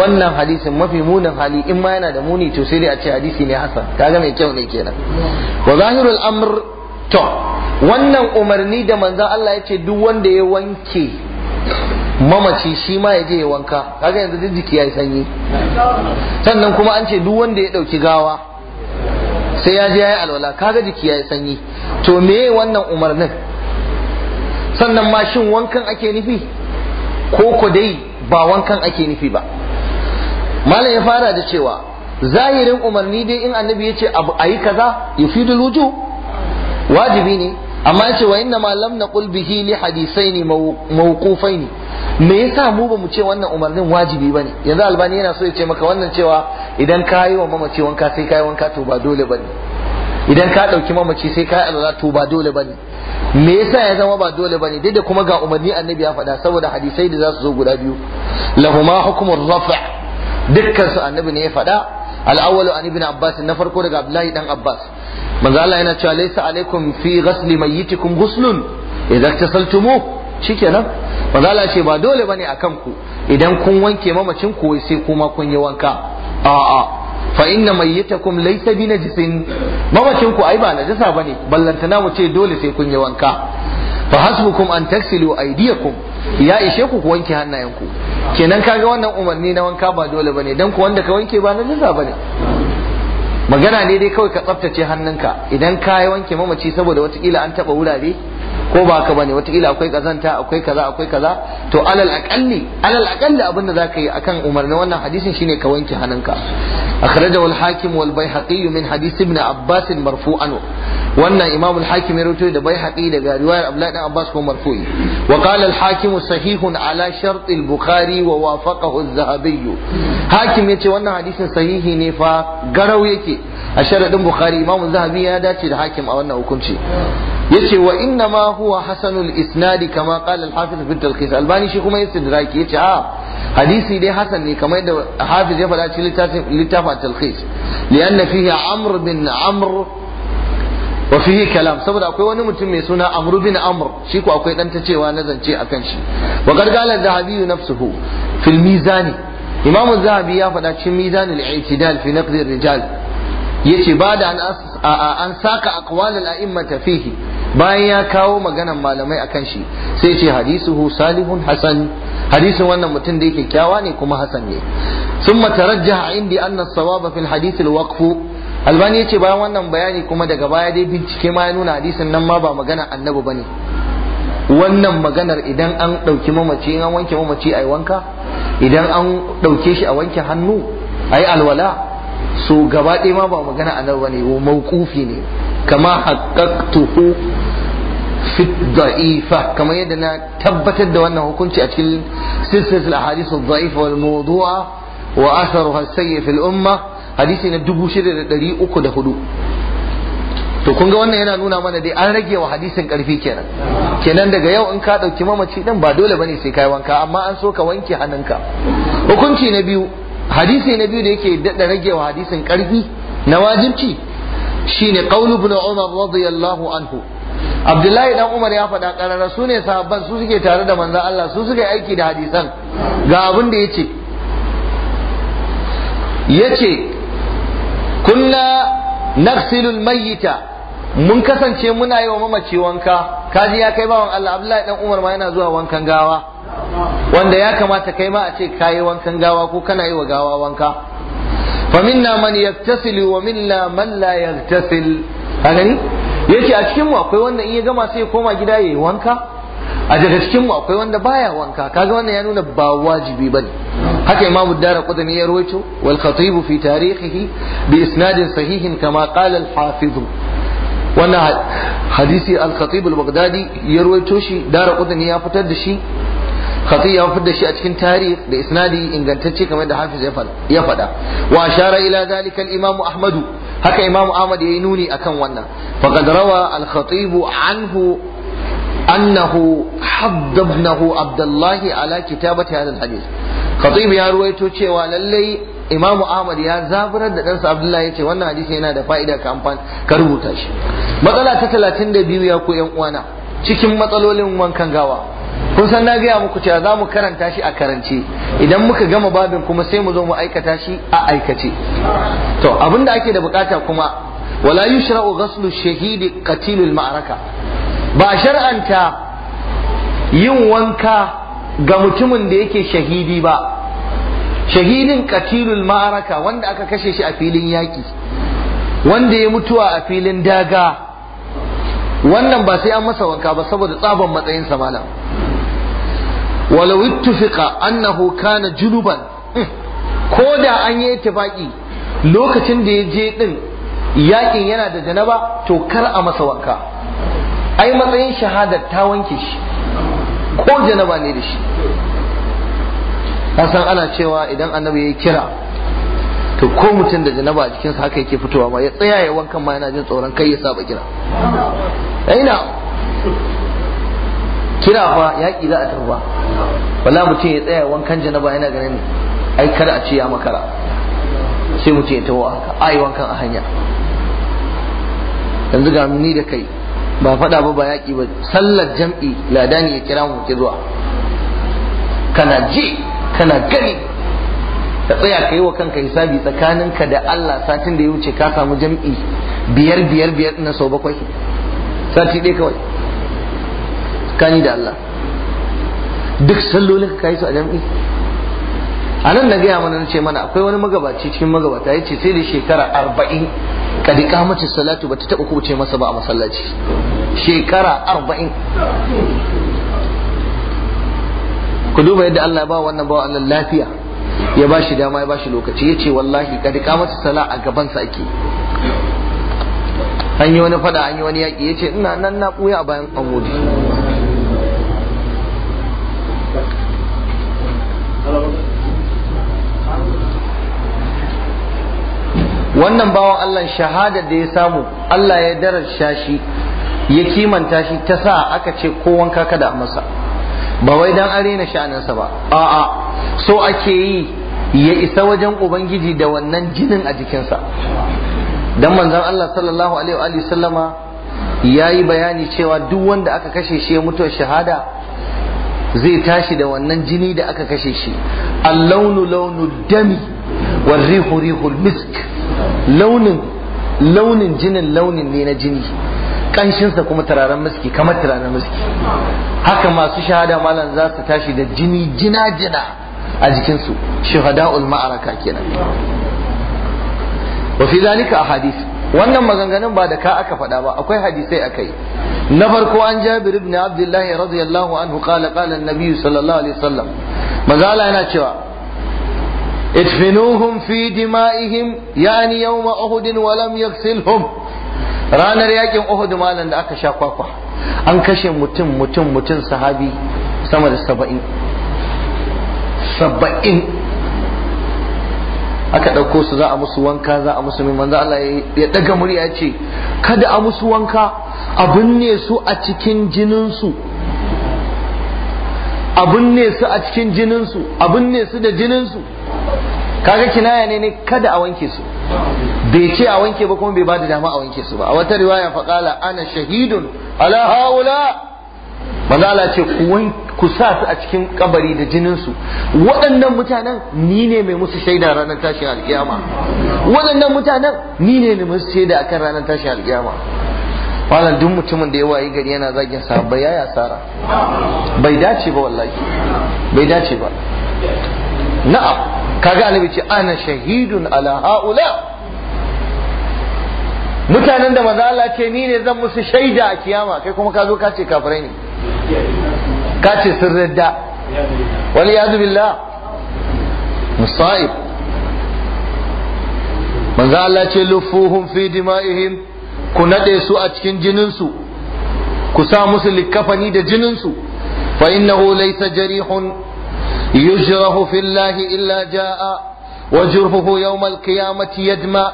wannan hadisin mafi munin hali in ma yana da muni to sai dai a ce hadisi ne hasan kaga mai kyau ne kenan wa zahirul amr to wannan umarni da manzan Allah ya ce duk wanda ya wanke mamaci shi ma ya ya wanka kaga yanzu duk jiki ya sanyi sannan kuma an ce duk wanda ya dauki gawa sai ya je yayi alwala kaga jiki ya sanyi to meye wannan umarnin sannan ma shin wankan ake nufi ko ku dai ba wankan ake nufi ba malam ya fara da cewa zahirin umarni dai in annabi ya ce a yi kaza yufidul wujuh wajibi ne amma ya ce wa inna na lam hili bihi li hadisaini ne? me yasa mu ba mu ce wannan umarnin wajibi bane yanzu albani yana so ya ce maka wannan cewa idan ka yi wa mamaci wanka sai ka yi wanka to ba dole bane idan ka ɗauki mamaci sai ka yi alwala to ba dole bane me yasa ya zama ba dole bane duk da kuma ga umarni annabi ya faɗa saboda hadisai da za su zo guda biyu lahuma hukumur rafa dukkan su annabi ne ya faɗa al awwal an ibn abbas na farko daga abdullahi dan abbas manzo Allah yana cewa laysa alaikum fi ghasli mayyitikum ghuslun idza tasaltumu shikenan manzo Allah ce ba dole bane akan ku idan kun wanke mamacin ku sai kuma kun yi wanka a'a fa inna mayyitakum laysa bi najisin mamacin ku ai ba najasa bane ballantana mu ce dole sai kun yi wanka fa hasbukum an tagsilu aydiyakum ya ishe ku ku wanke hannayen ku. kenan kaga wannan umarni na wanka ba dole bane dan ku wanda ka wanke ba najasa bane magana ne dai kawai ka tsaftace hannunka idan ka yi wanke mamaci saboda wata kila an taba wurare ko ba haka bane wataƙila akwai kazanta akwai kaza akwai kaza to alal aqalli alal aqalli abin da zaka yi akan umarnin wannan hadisin shine ka wanke hannunka akhrajahu al-hakim wal baihaqi min hadith ibn abbas marfu'an wannan imam al-hakim ya rawaito da baihaqi daga riwayar abdullahi ibn abbas ko marfu'i wa qala al-hakim sahihun ala shart al-bukhari wa wafaqahu az-zahabi hakim yace wannan hadisin sahihi ne fa garau yake a sharadin bukhari imam zahabi ya dace da hakim a wannan hukunci yace wa inna huwa hasanul isnadi kama qala albani shi kuma istidraki yace a ah, hadisi dai hasan ne kamar da hafiz ya faɗa cikin littafin littafin talqis lianna fihi amr bin amr wa fihi kalam saboda akwai wani mutum mai suna amr bin amr shi ko akwai dan ta cewa na zance akan shi wa gargala zahabi nafsuhu fil mizani imam zahabi ya faɗa cikin mizanul i'tidal fi naqdi rijal yace ba da an saka aqwal al-a'immata fihi bayan ya kawo maganan malamai akan shi sai ce hadisuhu salihun hasan hadisin wannan mutum da yake kyawa ne kuma hasan ne sun a indi anna as-sawaba fil hadisul Waqfu Albani albani ce bayan wannan bayani kuma daga baya dai bincike ma ya nuna hadisin nan ma ba magana annabi ne. wannan maganar idan an ɗauki mamaci in an wanke mamaci a wanka idan an ɗauke shi a wanke hannu a yi alwala so gaba ɗaya ma ba magana annabi bane mawqufi ne kama haqqaqtuhu fi da'ifa kamar yadda na tabbatar da wannan hukunci a cikin silsilatul a hadisu daifa wal wa atharuha as fil umma hadisi na hudu. to kun ga wannan yana nuna mana dai an rage wa hadisin karfi kenan kenan daga yau in ka dauki mamaci din ba dole bane sai kai wanka amma an so ka wanke hannunka hukunci na biyu hadisi na biyu da yake daɗa rage wa hadisin karfi na wajibci shine qaulu ibn umar radiyallahu anhu abdullahi dan umar ya faɗa qarara su ne sahabban su suke tare da manzan Allah su suke aiki da hadisan ga abin da yace yace kunna nafsilul mayyita mun kasance muna yi wa mamaci wanka kaji ya kai bawan Allah abdullahi dan umar ma yana zuwa wankan gawa wanda ya kamata kai ma a ce kayi wankan gawa ko kana yi wa gawa wanka fa minna man yattasil wa minna man la yattasil a gani yace a cikin akwai wanda in ya gama sai ya koma gida yayi wanka a daga cikinmu akwai wanda baya wanka kaga wannan ya nuna ba wajibi bane haka imam ad-darqutni ya rawaito wal khatib fi tarihihi bi isnadin sahihin kama qala al wannan hadisi al-khatib al-baghdadi ya rawaito shi ya fitar da shi khatiya ya fitar da shi a cikin tarihi da isnadi ingantacce kamar da hafiz ya faɗa wa Shara ila zalika al-imam ahmadu haka imam ahmad yayi nuni akan wannan faqad rawa al anhu annahu haddabnahu abdullahi ala kitabati hadha al-hadith khatib ya ruwaito cewa lallai imam ahmad ya zaburar da ɗansa abdullahi yace wannan hadisi yana da fa'ida ka amfani ka rubuta shi matsala ta talatin da biyu ya ku yan uwana cikin matsalolin wankan gawa kun san na gaya muku cewa za mu karanta shi a karance idan muka gama babin kuma sai mu zo mu aikata shi a aikace to abin da ake da bukata kuma wala yushra'u ghaslu shahidi qatilul ma'araka ba shar'anta yin wanka ga mutumin da yake shahidi ba shahidin qatilul ma'araka wanda aka kashe shi a filin yaki wanda ya mutuwa a filin daga wannan ba sai an masa wanka ba saboda tsaban matsayin sa malam walau ittufiqa annahu kana junuban ko da an yi baƙi lokacin da ya je din yakin yana da janaba to kar a masa wanka ai matsayin shahadar ta wanke shi ko janaba ne da shi san ana cewa idan annabi ya kira to ko mutum da janaba a jikinsa haka yake fitowa ma ya tsaya ya wankan ma yana jin tsoron kai ya saba kira kira fa yaƙi za a tarwa wala mutum ya tsaya wankan janaba yana ganin ai kar a ce ya makara sai mutum ya tawo haka ai wankan a hanya yanzu ga ni da kai ba faɗa ba ba yaƙi ba sallar jam'i ladani ya kira mu ki zuwa kana ji kana gani ka tsaya ka yi wa kanka hisabi tsakaninka da Allah satin da ya wuce ka samu jam'i biyar biyar biyar na sau bakwai sati ɗaya kawai tsakani da Allah duk sallolin ka yi su a jam'i a nan na gaya mana ce mana akwai wani magabaci cikin magabata ya ce sai da shekara arba'in kadi kamacin salatu ba ta taɓa kuce masa ba a masallaci shekara arba'in ku duba yadda Allah ya ba wannan bawa Allah lafiya ya ba shi dama ya ba shi lokaci ya ce wallahi kadi kamacin sala a gabansa ake an yi wani fada an yi wani yaƙi ya ce ina nan na ɓuya a bayan an wannan bawan Allah shahadar da ya samu Allah ya daraja shi ya kimanta shi ta sa aka ce ko wanka kada masa ba wai dan arena sha'aninsa ba a'a so ake yi ya isa wajen ubangiji da wannan jinin a jikinsa dan manzon Allah sallallahu alaihi wa sallama yi bayani cewa duk wanda aka kashe shi ya mutu shahada zai tashi da wannan jini da aka kashe shi allaunu launu dami wa rihu rihul misk launin launin jinin launin ne na jini kanshinsa kuma turaren miski kamar turaren miski haka masu shahada malam za su tashi da jini jina jina a jikinsu shuhada'ul ma'araka kenan wa fi zalika ahadith wannan maganganun ba da ka aka faɗa ba akwai hadisai akai na farko an jabir ibn abdullahi radiyallahu anhu qala qala an-nabi sallallahu alaihi wasallam manzo Allah yana cewa idfinuhum fi dima'ihim yani yawma uhud wa lam yaghsilhum ranar yakin uhud malan da aka sha kwakwa an kashe mutum mutum mutum sahabi sama da saba'in saba'in aka ɗauko su za a musu wanka za a musu min manzo Allah ya ɗaga murya ce kada a musu wanka a binne su a cikin jinin su a binne su a cikin jinin su a binne su da jinin su kaga kinaya ne ne kada a wanke su bai ce a wanke ba kuma bai bada dama a wanke su ba a wata riwaya faqala ana shahidun ala haula manzo Allah ce ku ku sa su a cikin kabari da jinin su waɗannan mutanen ni ne mai musu shaida ranar tashin alkiyama waɗannan mutanen ni ne mai musu shaida akan ranar tashin alkiyama malam duk mutumin da ya wayi gari yana zagin bai ya asara bai dace ba wallahi bai dace ba na'am kaga annabi ce ana shahidun ala haula mutanen da maza Allah ce ni ne zan musu shaida a kiyama kai kuma ka zo ka ce kafirai ne ka ce sun radda wani ya billah musa'ib manzo Allah ce lufuhum fi dima'ihim ku nade su a cikin jininsu ku sa musu likafani da jininsu fa innahu laysa jarihun yujrahu fillahi illa jaa wa jurhuhu yawm al-qiyamati yadma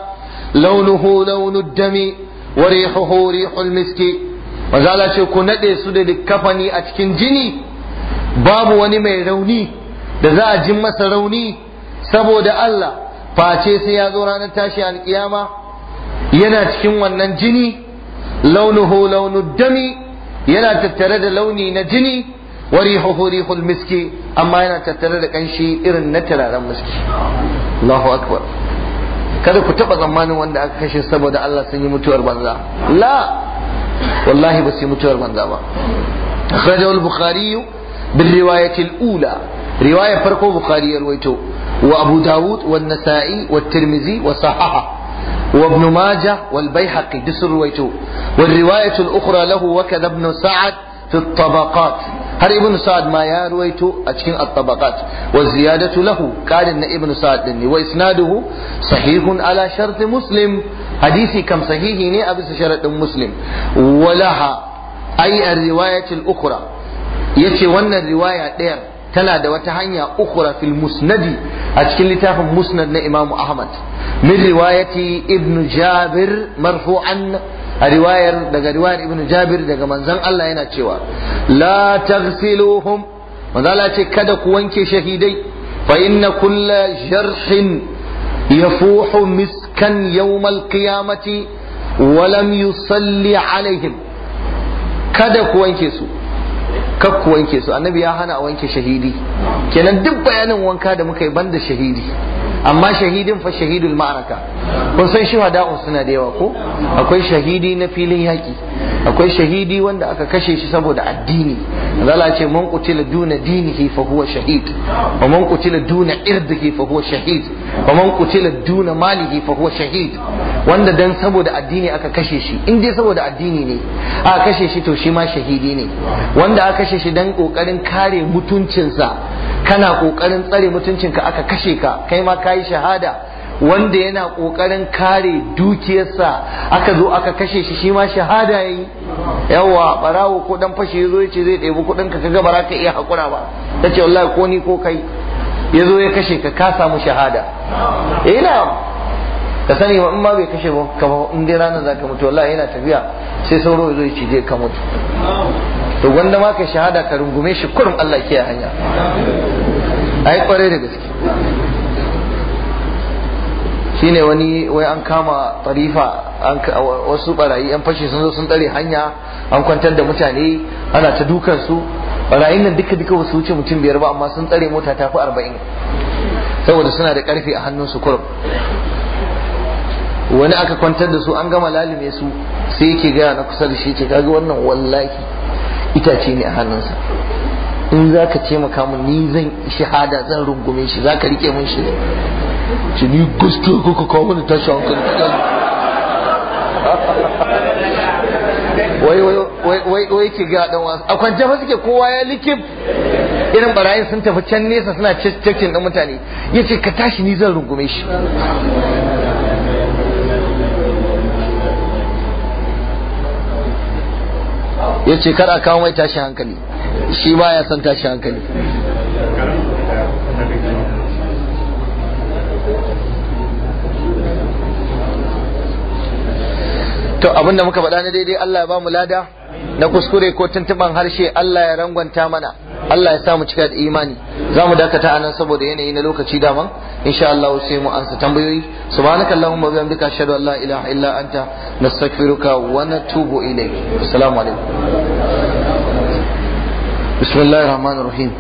لونه لون الدم وريحه ريح المسك Wanzala ce ku nade su da kafani a cikin jini babu wani mai rauni da za a ji masa rauni saboda Allah face sai ya zo ranar tashi alkiyama yana cikin wannan jini launuhu launu dami yana tattare da launi na jini wa rihuhu rihul miski amma yana tattare da kanshi irin na turaren miski Allahu akbar kada ku taba tsammanin wanda aka kashe saboda Allah sun yi mutuwar banza la والله بس يمتور من دابا أخرجه البخاري بالرواية الأولى رواية فرقه بخاري رويته وأبو داود والنسائي والترمذي وصححة وابن ماجة والبيحقي جسر رويته والرواية الأخرى له وكذا ابن سعد في الطبقات har ibn sa'ad ma ya ruwaito a cikin at-tabaqat wa ziyadatu lahu qarin na ibn sa'ad din ne wa isnaduhu sahihun ala shart muslim hadisi kam sahihi ne a bisa sharadin muslim walaha ay ar-riwayat al-ukhra yace wannan riwaya ɗaya tana da wata hanya ukhra fil musnadi a cikin littafin musnad na imamu ahmad min riwayati ibn jabir marfu'an a riwayar daga riwayar ibnu jabir daga manzon Allah yana cewa la taghsiluhum manzo Allah ce kada ku wanke shahidai fa inna kulla jarhin yafuhu miskan yawm alqiyamati wa lam yusalli alaihim kada ku wanke su kak ku wanke su annabi ya hana a wanke shahidi kenan duk bayanin wanka da muka yi banda shahidi amma shahidin fa shahidul ma'araka kun san shuhada'u suna da yawa ko akwai shahidi na filin yaki akwai shahidi wanda aka kashe shi saboda addini zala ce man qutila duna dinihi fa huwa shahid wa man qutila duna irdihi fa huwa shahid wa man qutila duna malihi fa huwa shahid wanda dan saboda addini aka kashe shi in dai saboda addini ne aka kashe shi to shi ma shahidi ne wanda aka kashe shi dan kokarin kare mutuncinsa kana kokarin tsare mutuncinka aka kashe ka kai ma kayi shahada wanda yana kokarin kare dukiyarsa aka zo aka kashe shi shi ma shahada yayi yawa barawo ko dan fashe yazo yace zai ɗebi kuɗin ka kaga ba ka iya hakura ba tace wallahi ko ni ko kai ya zo ya kashe ka ka samu shahada eh, ina ka sani ba in ma bai kashe ka ba in dai ranar zaka mutu wallahi yana tafiya sai sauro ya zo ya cije ka mutu to gwanda ma ka shahada ka rungume shi kurum Allah ke hanya ai kware da gaske shine wani wai an kama tarifa wasu barayi an fashe sun zo sun tsare hanya an kwantar da mutane ana ta dukansu barayin nan duka duka wasu wuce mutum biyar ba amma sun tsare mota ta fi arba'in saboda suna da karfi a hannunsu kurum wani aka kwantar da su an gama lalime su sai yake gaya na kusa da shi ce kaga wannan wallahi itace ne a hannunsa in za ka taimaka min ni zan shahada zan rungume shi za ka rike min shi ce ni gusto kuka kawo mana tashi hankali wai wai wai ki ga dan wasu a kwance fa suke kowa ya likif irin barayin sun tafi can nesa suna cikin dan mutane yace ka tashi ni zan rungume shi yace kar a kawo mai tashi hankali shi baya son tashi hankali to abinda muka faɗa na daidai Allah ya ba mu lada na kuskure ko tuntuban harshe Allah ya rangwanta mana Allah ya samu cika da imani za mu dakata anan saboda yanayi na lokaci daman insha Allah sai mu ansa tambayoyi subhanaka allahumma wa bihamdika ashhadu an la ilaha illa anta nastaghfiruka wa natubu ilayk assalamu alaikum bismillahir rahmanir rahim